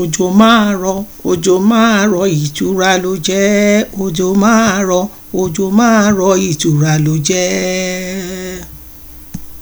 òjò máa rọ̀ òjò máa rọ̀ ìtura ló jẹ́ òjò máa rọ̀ òjò máa rọ̀ ìtura ló jẹ́